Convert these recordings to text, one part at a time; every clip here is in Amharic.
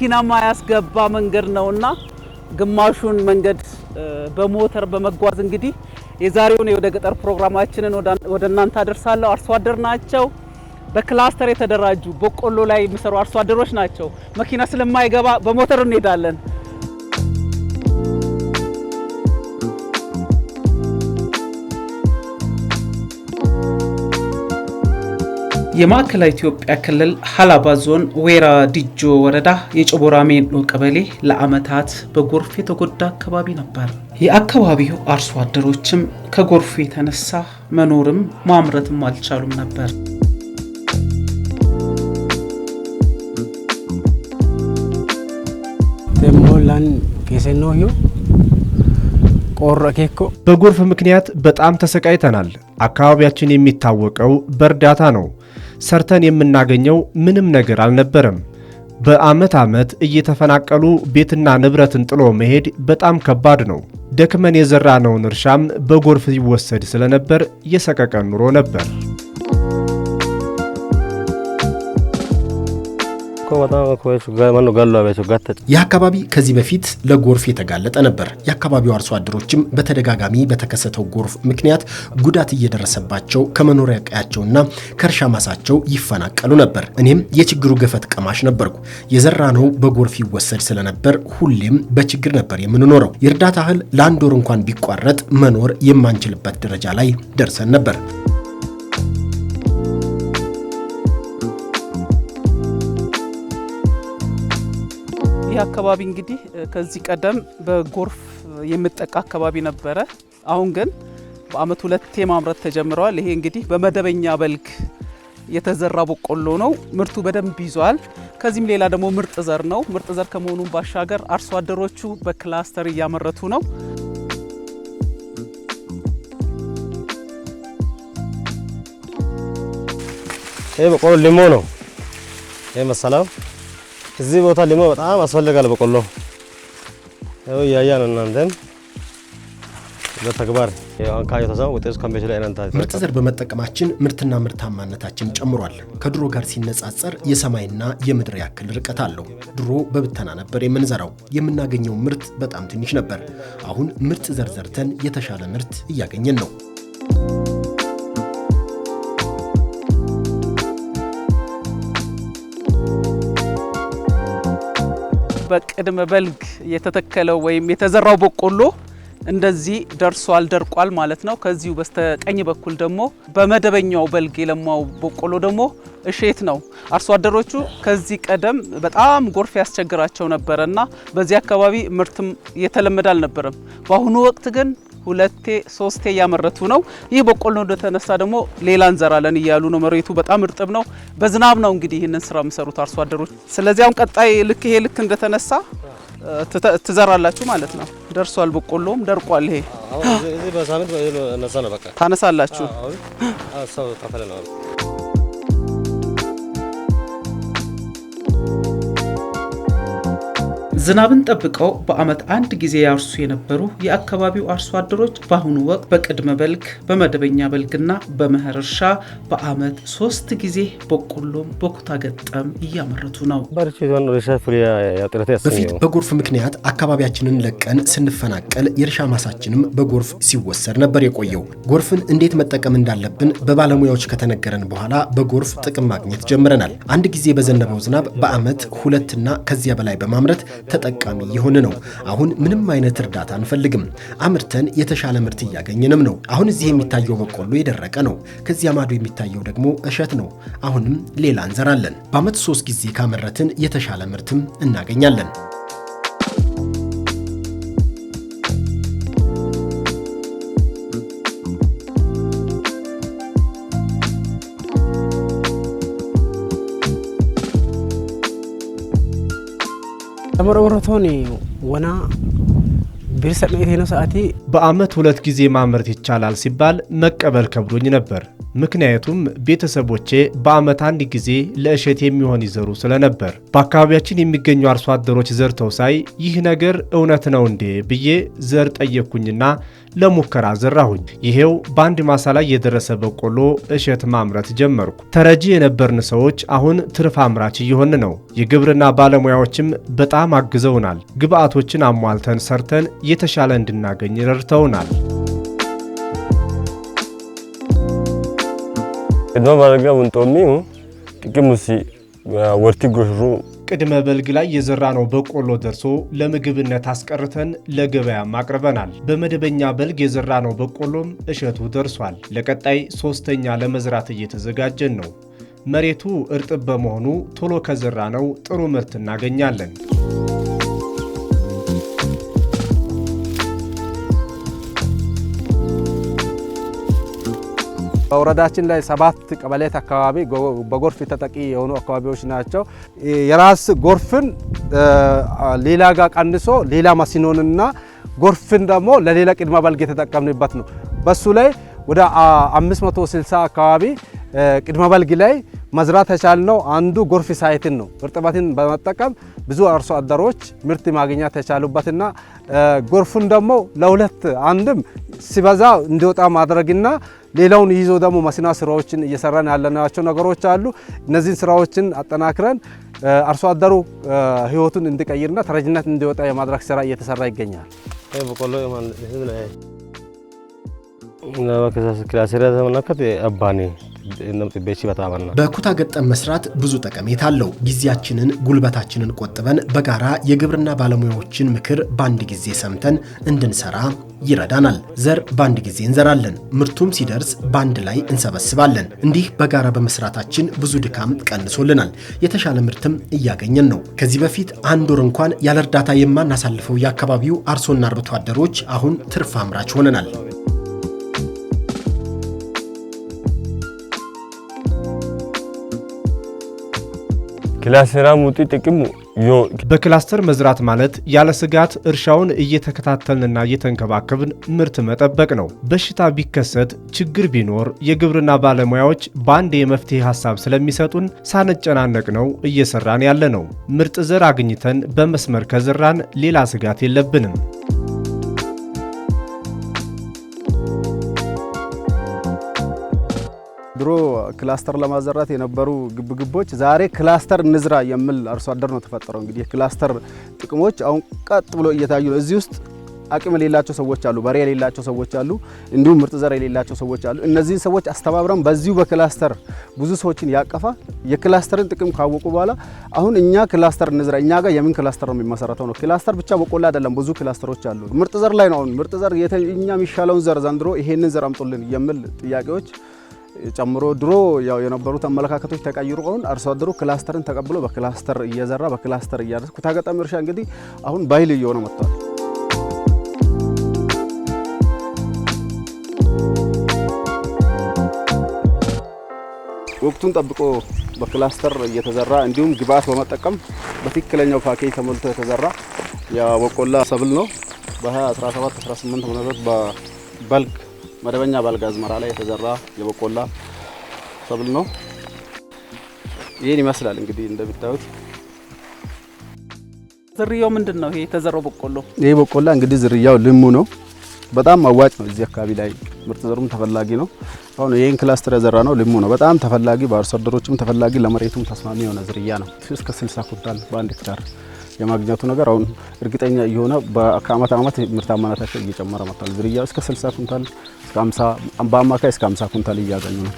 መኪና ማያስገባ መንገድ ነውና ግማሹን መንገድ በሞተር በመጓዝ እንግዲህ የዛሬውን የወደ ገጠር ፕሮግራማችንን ወደ እናንተ አደርሳለሁ። አርሶ አደር ናቸው። በክላስተር የተደራጁ በቆሎ ላይ የሚሰሩ አርሶ አደሮች ናቸው። መኪና ስለማይገባ በሞተር እንሄዳለን። የማዕከላዊ ኢትዮጵያ ክልል ሀላባ ዞን ዌራ ዲጆ ወረዳ የጮቦራ ሜኖ ቀበሌ ለዓመታት በጎርፍ የተጎዳ አካባቢ ነበር። የአካባቢው አርሶ አደሮችም ከጎርፉ የተነሳ መኖርም ማምረትም አልቻሉም ነበር። በጎርፍ ምክንያት በጣም ተሰቃይተናል። አካባቢያችን የሚታወቀው በእርዳታ ነው። ሰርተን የምናገኘው ምንም ነገር አልነበረም። በዓመት ዓመት እየተፈናቀሉ ቤትና ንብረትን ጥሎ መሄድ በጣም ከባድ ነው። ደክመን የዘራነውን እርሻም በጎርፍ ይወሰድ ስለነበር የሰቀቀን ኑሮ ነበር። አካባቢ ከዚህ በፊት ለጎርፍ የተጋለጠ ነበር። የአካባቢው አርሶ አደሮችም በተደጋጋሚ በተከሰተው ጎርፍ ምክንያት ጉዳት እየደረሰባቸው ከመኖሪያ ቀያቸውና ከእርሻ ማሳቸው ይፈናቀሉ ነበር። እኔም የችግሩ ገፈት ቀማሽ ነበርኩ። የዘራነው በጎርፍ ይወሰድ ስለነበር ሁሌም በችግር ነበር የምንኖረው። የእርዳታ እህል ለአንድ ወር እንኳን ቢቋረጥ መኖር የማንችልበት ደረጃ ላይ ደርሰን ነበር። ይህ አካባቢ እንግዲህ ከዚህ ቀደም በጎርፍ የምጠቃ አካባቢ ነበረ። አሁን ግን በአመት ሁለቴ ማምረት ተጀምረዋል። ይሄ እንግዲህ በመደበኛ በልግ የተዘራ በቆሎ ነው። ምርቱ በደንብ ይዟል። ከዚህም ሌላ ደግሞ ምርጥ ዘር ነው። ምርጥ ዘር ከመሆኑም ባሻገር አርሶ አደሮቹ በክላስተር እያመረቱ ነው። ይህ በቆሎ ሊሞ ነው። ይህ መሰላም እዚህ ቦታ ሊሞ በጣም ያስፈልጋል። በቆሎ ያው እያያ ነው። እናንተም በተግባር ምርጥ ዘር በመጠቀማችን ምርትና ምርታማነታችን ጨምሯል። ከድሮ ጋር ሲነጻጸር የሰማይና የምድር ያክል ርቀት አለው። ድሮ በብተና ነበር የምንዘራው፣ የምናገኘው ምርት በጣም ትንሽ ነበር። አሁን ምርጥ ዘር ዘርተን የተሻለ ምርት እያገኘን ነው። በቅድመ በልግ የተተከለው ወይም የተዘራው በቆሎ እንደዚህ ደርሷል ደርቋል ማለት ነው። ከዚሁ በስተቀኝ በኩል ደግሞ በመደበኛው በልግ የለማው በቆሎ ደግሞ እሸት ነው። አርሶ አደሮቹ ከዚህ ቀደም በጣም ጎርፍ ያስቸግራቸው ነበረ እና በዚህ አካባቢ ምርትም የተለመደ አልነበረም። በአሁኑ ወቅት ግን ሁለቴ ሶስቴ እያመረቱ ነው። ይህ በቆሎ እንደተነሳ ደግሞ ሌላ እንዘራለን እያሉ ነው። መሬቱ በጣም እርጥብ ነው። በዝናብ ነው እንግዲህ ይህንን ስራ የሚሰሩት አርሶ አደሮች። ስለዚህ አሁን ቀጣይ ልክ ይሄ ልክ እንደተነሳ ትዘራላችሁ ማለት ነው። ደርሷል፣ በቆሎም ደርቋል። ይሄ ታነሳላችሁ። ዝናብን ጠብቀው በዓመት አንድ ጊዜ ያርሱ የነበሩ የአካባቢው አርሶ አደሮች በአሁኑ ወቅት በቅድመ በልግ፣ በመደበኛ በልግና በመኸር እርሻ በዓመት ሶስት ጊዜ በቆሎም በኩታ ገጠም እያመረቱ ነው። በፊት በጎርፍ ምክንያት አካባቢያችንን ለቀን ስንፈናቀል የእርሻ ማሳችንም በጎርፍ ሲወሰድ ነበር የቆየው። ጎርፍን እንዴት መጠቀም እንዳለብን በባለሙያዎች ከተነገረን በኋላ በጎርፍ ጥቅም ማግኘት ጀምረናል። አንድ ጊዜ በዘነበው ዝናብ በዓመት ሁለትና ከዚያ በላይ በማምረት ተጠቃሚ የሆነ ነው። አሁን ምንም አይነት እርዳታ አንፈልግም። አምርተን የተሻለ ምርት እያገኘንም ነው። አሁን እዚህ የሚታየው በቆሎ የደረቀ ነው። ከዚያ ማዶ የሚታየው ደግሞ እሸት ነው። አሁንም ሌላ እንዘራለን። በዓመት ሶስት ጊዜ ካመረትን የተሻለ ምርትም እናገኛለን። ተመረውረቶኒ ወና ብር ሰሜቴ ነው ሰዓቴ በአመት ሁለት ጊዜ ማምረት ይቻላል ሲባል መቀበል ከብዶኝ ነበር። ምክንያቱም ቤተሰቦቼ በዓመት አንድ ጊዜ ለእሸት የሚሆን ይዘሩ ስለነበር በአካባቢያችን የሚገኙ አርሶ አደሮች ዘርተው ሳይ ይህ ነገር እውነት ነው እንዴ ብዬ ዘር ጠየቅኩኝና ለሙከራ ዘራሁኝ። ይሄው በአንድ ማሳ ላይ የደረሰ በቆሎ እሸት ማምረት ጀመርኩ። ተረጂ የነበርን ሰዎች አሁን ትርፍ አምራች እየሆን ነው። የግብርና ባለሙያዎችም በጣም አግዘውናል። ግብአቶችን አሟልተን ሰርተን የተሻለ እንድናገኝ ረድተውናል። ቅድመ ባለጋ ወንጦሚ ጥቅሙሲ ወርቲ ጎሽሩ ቅድመ በልግ ላይ የዘራ ነው በቆሎ ደርሶ ለምግብነት አስቀርተን ለገበያም አቅርበናል። በመደበኛ በልግ የዘራ ነው በቆሎም እሸቱ ደርሷል። ለቀጣይ ሶስተኛ ለመዝራት እየተዘጋጀን ነው። መሬቱ እርጥብ በመሆኑ ቶሎ ከዘራ ነው ጥሩ ምርት እናገኛለን። በወረዳችን ላይ ሰባት ቀበሌት አካባቢ በጎርፍ ተጠቂ የሆኑ አካባቢዎች ናቸው። የራስ ጎርፍን ሌላ ጋር ቀንሶ ሌላ መስኖንና ጎርፍን ደግሞ ለሌላ ቅድመ በልግ የተጠቀምንበት ነው። በሱ ላይ ወደ 560 አካባቢ ቅድመ በልግ ላይ መዝራት የቻልነው አንዱ ጎርፍ ሳይትን ነው። እርጥበትን በመጠቀም ብዙ አርሶ አደሮች ምርት ማግኘት የቻሉበትና ጎርፉን ደግሞ ለሁለት አንድም ሲበዛ እንዲወጣ ማድረግና ሌላውን ይዞ ደግሞ መስኖ ስራዎችን እየሰራን ያለናቸው ነገሮች አሉ። እነዚህን ስራዎችን አጠናክረን አርሶ አደሩ ህይወቱን እንዲቀይርና ተረጅነት እንዲወጣ የማድረግ ስራ እየተሰራ ይገኛል። ቤቺ በኩታ ገጠም መስራት ብዙ ጠቀሜታ አለው። ጊዜያችንን፣ ጉልበታችንን ቆጥበን በጋራ የግብርና ባለሙያዎችን ምክር በአንድ ጊዜ ሰምተን እንድንሰራ ይረዳናል። ዘር በአንድ ጊዜ እንዘራለን፣ ምርቱም ሲደርስ በአንድ ላይ እንሰበስባለን። እንዲህ በጋራ በመስራታችን ብዙ ድካም ቀንሶልናል፣ የተሻለ ምርትም እያገኘን ነው። ከዚህ በፊት አንድ ወር እንኳን ያለ እርዳታ የማናሳልፈው የአካባቢው አርሶና አርብቶ አደሮች አሁን ትርፍ አምራች ሆነናል። ክላስተራ ሙጢ ጥቅሙ በክላስተር መዝራት ማለት ያለ ስጋት እርሻውን እየተከታተልንና እየተንከባከብን ምርት መጠበቅ ነው። በሽታ ቢከሰት ችግር ቢኖር የግብርና ባለሙያዎች በአንድ የመፍትሄ ሀሳብ ስለሚሰጡን ሳንጨናነቅ ነው እየሰራን ያለ ነው። ምርጥ ዘር አግኝተን በመስመር ከዘራን ሌላ ስጋት የለብንም። ድሮ ክላስተር ለማዘራት የነበሩ ግብግቦች ዛሬ ክላስተር እንዝራ የሚል አርሶ አደር ነው ተፈጠረው። እንግዲህ የክላስተር ጥቅሞች አሁን ቀጥ ብሎ እየታዩ ነው። እዚህ ውስጥ አቅም የሌላቸው ሰዎች አሉ፣ በሬ የሌላቸው ሰዎች አሉ፣ እንዲሁም ምርጥ ዘር የሌላቸው ሰዎች አሉ። እነዚህን ሰዎች አስተባብረን በዚሁ በክላስተር ብዙ ሰዎችን ያቀፋ የክላስተርን ጥቅም ካወቁ በኋላ አሁን እኛ ክላስተር እንዝራ እኛ ጋር የምን ክላስተር ነው የሚመሰረተው ነው። ክላስተር ብቻ በቆላ አይደለም፣ ብዙ ክላስተሮች አሉ። ምርጥ ዘር ላይ ነው። አሁን ምርጥ ዘር እኛ የሚሻለውን ዘር ዘንድሮ ይሄንን ዘር አምጡልን የሚል ጥያቄዎች ጨምሮ ድሮ ያው የነበሩት አመለካከቶች ተቀይሩ። አሁን አርሶ አደሩ ክላስተርን ተቀብሎ በክላስተር እየዘራ በክላስተር እያደረስ ኩታገጠም እርሻ እንግዲህ አሁን ባህል እየሆነ መጥቷል። ወቅቱን ጠብቆ በክላስተር እየተዘራ እንዲሁም ግብአት በመጠቀም በትክክለኛው ፓኬጅ ተሞልቶ የተዘራ የበቆላ ሰብል ነው በ2017 18 በልግ መደበኛ ባልጋ አዝመራ ላይ የተዘራ የበቆላ ሰብል ነው። ይህን ይመስላል እንግዲህ እንደምታዩት። ዝርያው ምንድን ነው? ይሄ የተዘራው በቆሎ ይህ በቆላ እንግዲህ ዝርያው ልሙ ነው። በጣም አዋጭ ነው። እዚህ አካባቢ ላይ ምርጥ ዘሩም ተፈላጊ ነው። አሁን ይህን ክላስተር የዘራ ነው ልሙ ነው። በጣም ተፈላጊ፣ በአርሶ አደሮችም ተፈላጊ፣ ለመሬቱም ተስማሚ የሆነ ዝርያ ነው። እስከ 60 ኩንታል በአንድ ሄክታር የማግኘቱ ነገር አሁን እርግጠኛ የሆነ ከአመት አመት ምርታማነታቸው እየጨመረ መጥቷል። ዝርያ እስከ 60 ኩንታል በአማካይ እስከ 50 ኩንታል እያገኙ ነው።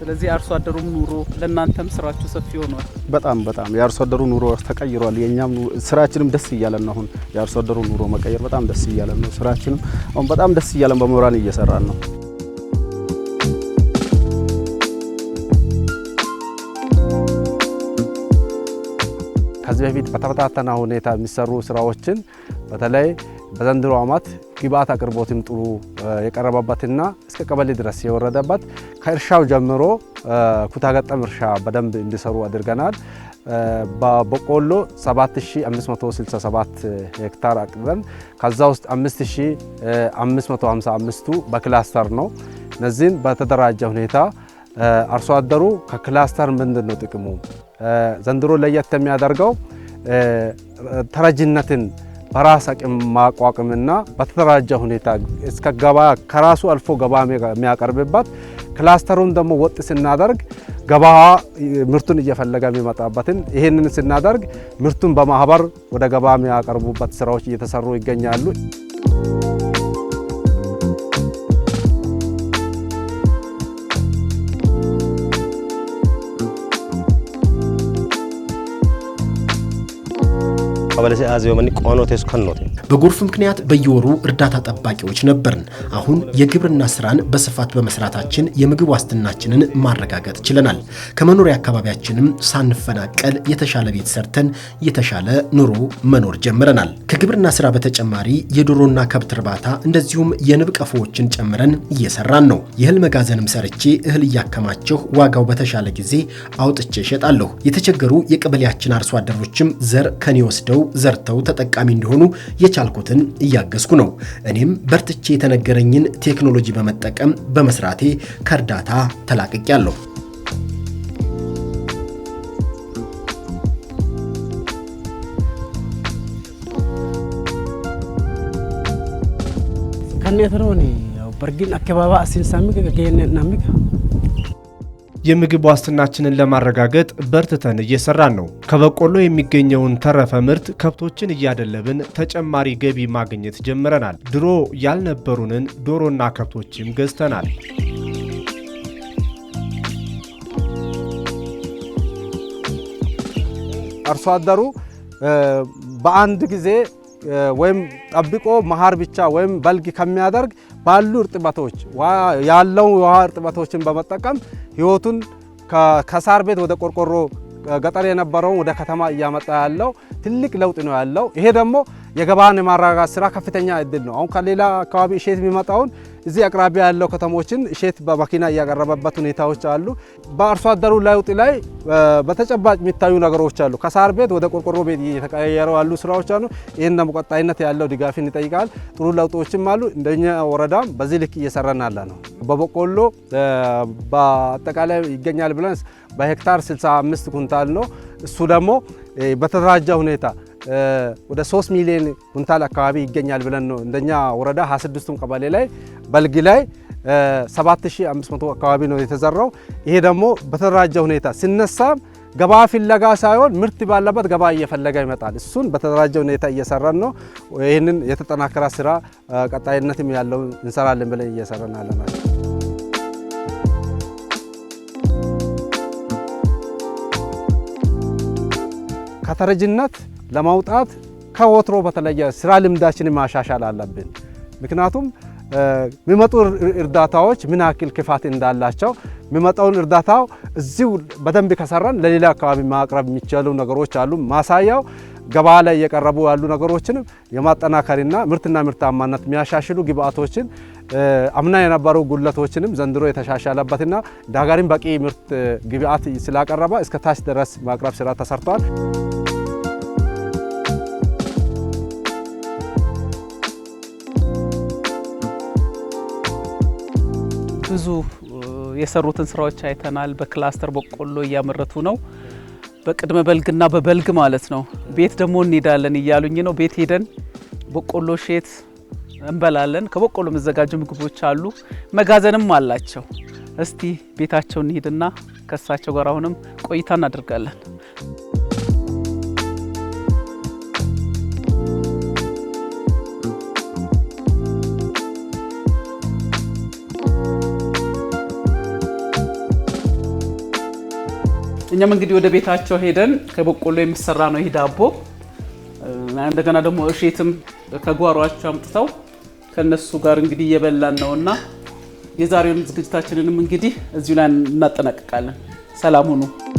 ስለዚህ የአርሶ አደሩም ኑሮ ለእናንተም ስራችሁ ሰፊ ሆኗል። በጣም በጣም የአርሶ አደሩ ኑሮ ተቀይሯል። የእኛም ስራችንም ደስ እያለን አሁን የአርሶ አደሩ ኑሮ መቀየር በጣም ደስ እያለን ነው። ስራችንም አሁን በጣም ደስ እያለን በመብራን እየሰራን ነው። ከዚህ በፊት በተበታተነ ሁኔታ የሚሰሩ ስራዎችን በተለይ በዘንድሮ ዓመት ግብአት አቅርቦትም ጥሩ የቀረበበትና እስከ ቀበሌ ድረስ የወረደበት ከእርሻው ጀምሮ ኩታገጠም እርሻ በደንብ እንዲሰሩ አድርገናል። በቆሎ 7567 ሄክታር አቅርበን ከዛ ውስጥ 5555ቱ በክላስተር ነው። እነዚህን በተደራጀ ሁኔታ አርሶ አደሩ ከክላስተር ምንድን ነው ጥቅሙ ዘንድሮ ለየት የሚያደርገው ተረጅነትን በራስ አቅም ማቋቋምና በተደራጀ ሁኔታ እስከ ገባ ከራሱ አልፎ ገባ የሚያቀርብባት ክላስተሩን ደግሞ ወጥ ስናደርግ ገባ ምርቱን እየፈለገ የሚመጣበትን ይህንን ስናደርግ ምርቱን በማህበር ወደ ገባ የሚያቀርቡበት ስራዎች እየተሰሩ ይገኛሉ። ቀበሌ አዚዮ ቆኖ ቆኖቴ በጎርፍ ምክንያት በየወሩ እርዳታ ጠባቂዎች ነበርን። አሁን የግብርና ስራን በስፋት በመስራታችን የምግብ ዋስትናችንን ማረጋገጥ ችለናል። ከመኖሪያ አካባቢያችንም ሳንፈናቀል የተሻለ ቤት ሰርተን የተሻለ ኑሮ መኖር ጀምረናል። ከግብርና ስራ በተጨማሪ የዶሮና ከብት እርባታ እንደዚሁም የንብ ቀፎዎችን ጨምረን እየሰራን ነው። የእህል መጋዘንም ሰርቼ እህል እያከማቸው ዋጋው በተሻለ ጊዜ አውጥቼ እሸጣለሁ። የተቸገሩ የቀበሌያችን አርሶ አደሮችም ዘር ከኔ ወስደው ዘርተው ተጠቃሚ እንዲሆኑ የቻልኩትን እያገዝኩ ነው። እኔም በርትቼ የተነገረኝን ቴክኖሎጂ በመጠቀም በመስራቴ ከእርዳታ ተላቅቄያለሁ። ከኔ ትሮኒ በርጊን አከባባ አሲንሳሚ ገገኔ የምግብ ዋስትናችንን ለማረጋገጥ በርትተን እየሰራን ነው። ከበቆሎ የሚገኘውን ተረፈ ምርት ከብቶችን እያደለብን ተጨማሪ ገቢ ማግኘት ጀምረናል። ድሮ ያልነበሩንን ዶሮና ከብቶችም ገዝተናል። አርሶ አደሩ በአንድ ጊዜ ወይም ጠብቆ መሀር ብቻ ወይም በልግ ከሚያደርግ ባሉ እርጥበቶች ያለው የውሃ እርጥበቶችን በመጠቀም ህይወቱን ከሳር ቤት ወደ ቆርቆሮ ገጠር የነበረውን ወደ ከተማ እያመጣ ያለው ትልቅ ለውጥ ነው ያለው። ይሄ ደግሞ የገበያን የማረጋጋት ስራ ከፍተኛ እድል ነው። አሁን ከሌላ አካባቢ እሸት የሚመጣውን እዚህ አቅራቢያ ያለው ከተሞችን እሸት በመኪና እያቀረበበት ሁኔታዎች አሉ። በአርሶ አደሩ ለውጥ ላይ በተጨባጭ የሚታዩ ነገሮች አሉ። ከሳር ቤት ወደ ቆርቆሮ ቤት እየተቀያየረው ያሉ ስራዎች አሉ። ይህን ደግሞ ቀጣይነት ያለው ድጋፍን ይጠይቃል። ጥሩ ለውጦችም አሉ። እንደኛ ወረዳም በዚህ ልክ እየሰራን ያለ ነው። በበቆሎ በአጠቃላይ ይገኛል ብለን በሄክታር 65 ኩንታል ነው። እሱ ደግሞ በተደራጀ ሁኔታ ወደ 3 ሚሊዮን ኩንታል አካባቢ ይገኛል ብለን ነው እንደኛ ወረዳ 26ቱም ቀበሌ ላይ በልግ ላይ 7500 አካባቢ ነው የተዘራው። ይሄ ደግሞ በተደራጀ ሁኔታ ሲነሳ ገባ ፍለጋ ሳይሆን ምርት ባለበት ገባ እየፈለገ ይመጣል። እሱን በተደራጀ ሁኔታ እየሰራን ነው። ይህንን የተጠናከረ ስራ ቀጣይነትም ያለው እንሰራለን ብለን እየሰራን አለናል። ከተረጅነት ለማውጣት ከወትሮ በተለየ ስራ ልምዳችን ማሻሻል አለብን። ምክንያቱም የሚመጡ እርዳታዎች ምን ያክል ክፋት እንዳላቸው የሚመጣውን እርዳታው እዚሁ በደንብ ከሰራን ለሌላ አካባቢ ማቅረብ የሚቻሉ ነገሮች አሉ። ማሳያው ገበያ ላይ የቀረቡ ያሉ ነገሮችንም የማጠናከርና ምርትና ምርታማነት የሚያሻሽሉ ግብአቶችን አምና የነበሩ ጉድለቶችንም ዘንድሮ የተሻሻለበትና ዳጋሪም በቂ ምርት ግብአት ስላቀረበ እስከ ታች ድረስ ማቅረብ ስራ ተሰርቷል። ብዙ የሰሩትን ስራዎች አይተናል። በክላስተር በቆሎ እያመረቱ ነው፣ በቅድመ በልግና በበልግ ማለት ነው። ቤት ደግሞ እንሄዳለን እያሉኝ ነው። ቤት ሄደን በቆሎ ሼት እንበላለን። ከበቆሎ የሚዘጋጁ ምግቦች አሉ፣ መጋዘንም አላቸው። እስቲ ቤታቸው እንሄድና ከእሳቸው ጋር አሁንም ቆይታ እናደርጋለን። እኛም እንግዲህ ወደ ቤታቸው ሄደን ከበቆሎ የሚሰራ ነው ይህ ዳቦ። እንደገና ደግሞ እሼትም ከጓሯቸው አምጥተው ከነሱ ጋር እንግዲህ እየበላን ነውና የዛሬውን ዝግጅታችንንም እንግዲህ እዚሁ ላይ እናጠናቅቃለን። ሰላም ሁኑ።